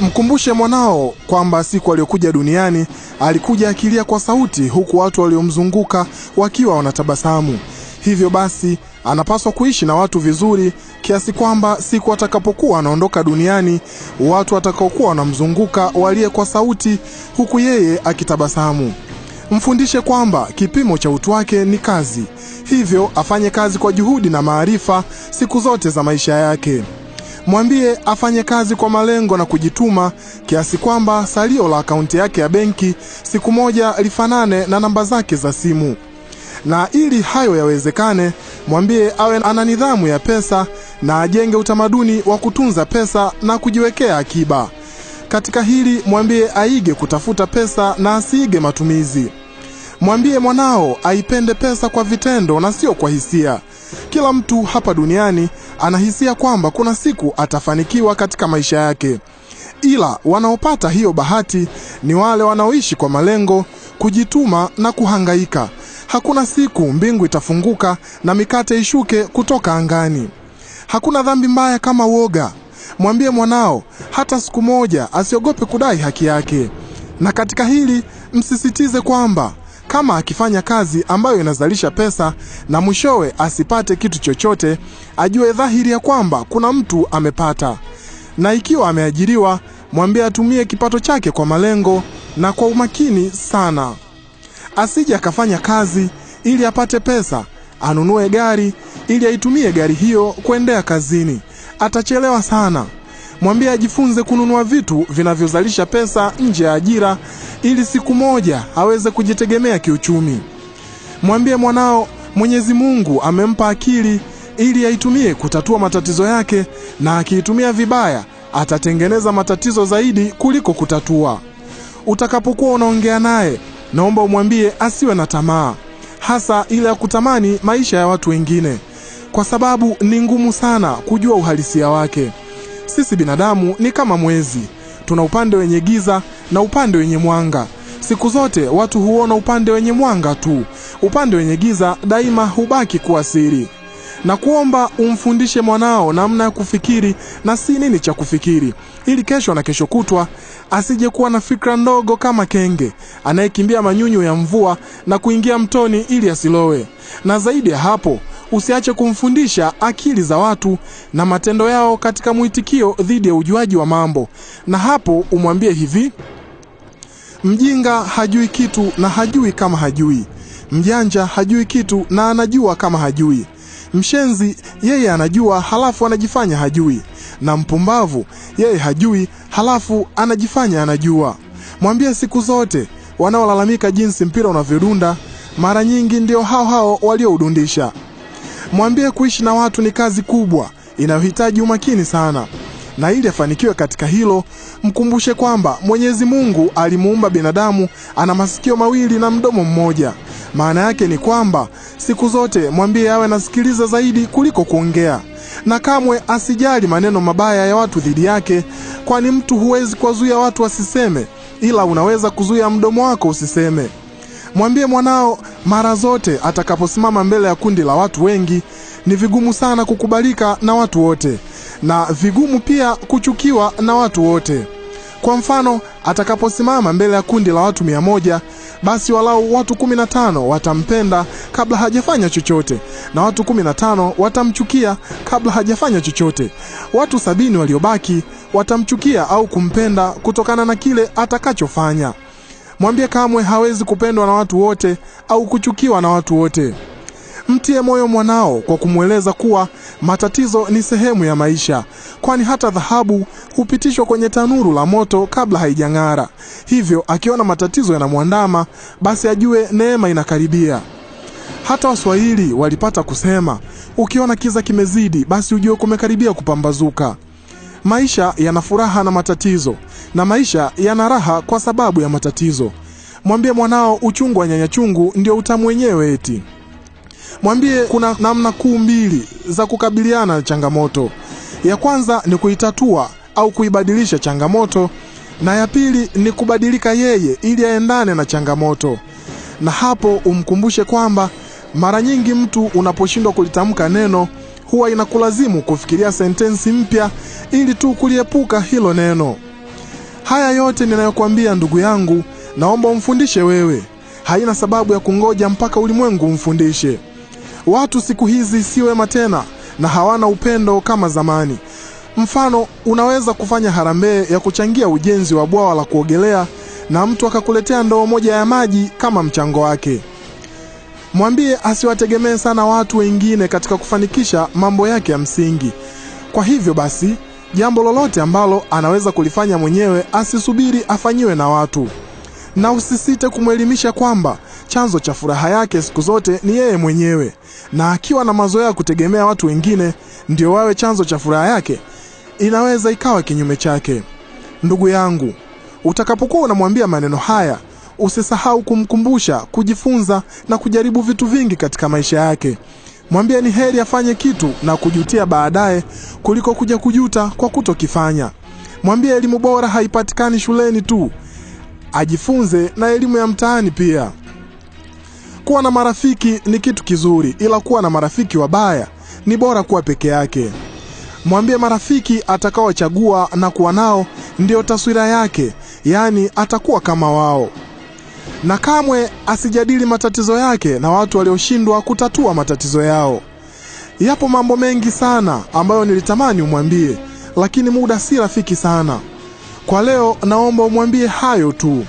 Mkumbushe mwanao kwamba siku aliyokuja duniani alikuja akilia kwa sauti, huku watu waliomzunguka wakiwa wanatabasamu. Hivyo basi anapaswa kuishi na watu vizuri kiasi kwamba siku atakapokuwa anaondoka duniani, watu watakaokuwa wanamzunguka walie kwa sauti, huku yeye akitabasamu. Mfundishe kwamba kipimo cha utu wake ni kazi, hivyo afanye kazi kwa juhudi na maarifa siku zote za maisha yake. Mwambie afanye kazi kwa malengo na kujituma kiasi kwamba salio la akaunti yake ya benki siku moja lifanane na namba zake za simu. Na ili hayo yawezekane, mwambie awe ana nidhamu ya pesa na ajenge utamaduni wa kutunza pesa na kujiwekea akiba. Katika hili mwambie aige kutafuta pesa na asiige matumizi. Mwambie mwanao aipende pesa kwa vitendo na sio kwa hisia. Kila mtu hapa duniani anahisia kwamba kuna siku atafanikiwa katika maisha yake, ila wanaopata hiyo bahati ni wale wanaoishi kwa malengo, kujituma na kuhangaika. Hakuna siku mbingu itafunguka na mikate ishuke kutoka angani. Hakuna dhambi mbaya kama woga. Mwambie mwanao hata siku moja asiogope kudai haki yake, na katika hili msisitize kwamba kama akifanya kazi ambayo inazalisha pesa na mwishowe asipate kitu chochote, ajue dhahiri ya kwamba kuna mtu amepata. Na ikiwa ameajiriwa, mwambie atumie kipato chake kwa malengo na kwa umakini sana, asije akafanya kazi ili apate pesa, anunue gari ili aitumie gari hiyo kuendea kazini. Atachelewa sana. Mwambie ajifunze kununua vitu vinavyozalisha pesa nje ya ajira ili siku moja aweze kujitegemea kiuchumi. Mwambie mwanao Mwenyezi Mungu amempa akili ili aitumie kutatua matatizo yake, na akiitumia vibaya atatengeneza matatizo zaidi kuliko kutatua. Utakapokuwa unaongea naye, naomba umwambie asiwe na tamaa, hasa ile ya kutamani maisha ya watu wengine, kwa sababu ni ngumu sana kujua uhalisia wake. Sisi binadamu ni kama mwezi, tuna upande wenye giza na upande wenye mwanga. Siku zote watu huona upande wenye mwanga tu, upande wenye giza daima hubaki kuwa siri. Na kuomba umfundishe mwanao namna ya kufikiri na si nini cha kufikiri, ili kesho na kesho kutwa asije kuwa na fikra ndogo kama kenge anayekimbia manyunyu ya mvua na kuingia mtoni ili asilowe. Na zaidi ya hapo, usiache kumfundisha akili za watu na matendo yao katika mwitikio dhidi ya ujuaji wa mambo, na hapo umwambie hivi: Mjinga hajui kitu na hajui kama hajui. Mjanja hajui kitu na anajua kama hajui. Mshenzi yeye anajua halafu anajifanya hajui, na mpumbavu yeye hajui halafu anajifanya anajua. Mwambie siku zote wanaolalamika jinsi mpira unavyodunda mara nyingi ndio hao hao walioudundisha. Mwambie kuishi na watu ni kazi kubwa inayohitaji umakini sana na ili afanikiwe katika hilo, mkumbushe kwamba Mwenyezi Mungu alimuumba binadamu ana masikio mawili na mdomo mmoja. Maana yake ni kwamba siku zote mwambie awe nasikiliza zaidi kuliko kuongea, na kamwe asijali maneno mabaya ya watu dhidi yake, kwani mtu huwezi kuwazuia watu wasiseme, ila unaweza kuzuia mdomo wako usiseme. Mwambie mwanao mara zote atakaposimama mbele ya kundi la watu wengi, ni vigumu sana kukubalika na watu wote, na vigumu pia kuchukiwa na watu wote. Kwa mfano, atakaposimama mbele ya kundi la watu mia moja, basi walau watu kumi na tano watampenda kabla hajafanya chochote na watu kumi na tano watamchukia kabla hajafanya chochote. Watu sabini waliobaki watamchukia au kumpenda kutokana na kile atakachofanya. Mwambie kamwe hawezi kupendwa na watu wote au kuchukiwa na watu wote. Mtie moyo mwanao kwa kumweleza kuwa matatizo ni sehemu ya maisha, kwani hata dhahabu hupitishwa kwenye tanuru la moto kabla haijang'ara. Hivyo akiona matatizo yanamwandama, basi ajue neema inakaribia. Hata Waswahili walipata kusema, ukiona kiza kimezidi, basi ujue kumekaribia kupambazuka. Maisha yana furaha na matatizo, na maisha yana raha kwa sababu ya matatizo. Mwambie mwanao uchungu wa nyanya chungu ndio utamu wenyewe eti mwambie kuna namna kuu mbili za kukabiliana na changamoto. Ya kwanza ni kuitatua au kuibadilisha changamoto, na ya pili ni kubadilika yeye ili aendane na changamoto. Na hapo umkumbushe kwamba mara nyingi mtu unaposhindwa kulitamka neno huwa inakulazimu kufikiria sentensi mpya ili tu kuliepuka hilo neno. Haya yote ninayokwambia ndugu yangu, naomba umfundishe wewe. Haina sababu ya kungoja mpaka ulimwengu umfundishe. Watu siku hizi si wema tena na hawana upendo kama zamani. Mfano, unaweza kufanya harambee ya kuchangia ujenzi wa bwawa la kuogelea na mtu akakuletea ndoo moja ya maji kama mchango wake. Mwambie asiwategemee sana watu wengine katika kufanikisha mambo yake ya msingi. Kwa hivyo basi, jambo lolote ambalo anaweza kulifanya mwenyewe asisubiri afanyiwe na watu, na usisite kumwelimisha kwamba Chanzo cha furaha yake siku zote ni yeye mwenyewe, na akiwa na mazoea ya kutegemea watu wengine ndio wawe chanzo cha furaha yake, inaweza ikawa kinyume chake. Ndugu yangu, utakapokuwa unamwambia maneno haya, usisahau kumkumbusha kujifunza na kujaribu vitu vingi katika maisha yake. Mwambie ni heri afanye kitu na kujutia baadaye kuliko kuja kujuta kwa kutokifanya. Mwambie elimu bora haipatikani shuleni tu, ajifunze na elimu ya mtaani pia. Kuwa na marafiki ni kitu kizuri, ila kuwa na marafiki wabaya ni bora kuwa peke yake. Mwambie marafiki atakaochagua na kuwa nao ndiyo taswira yake, yaani atakuwa kama wao, na kamwe asijadili matatizo yake na watu walioshindwa kutatua matatizo yao. Yapo mambo mengi sana ambayo nilitamani umwambie, lakini muda si rafiki sana. Kwa leo naomba umwambie hayo tu.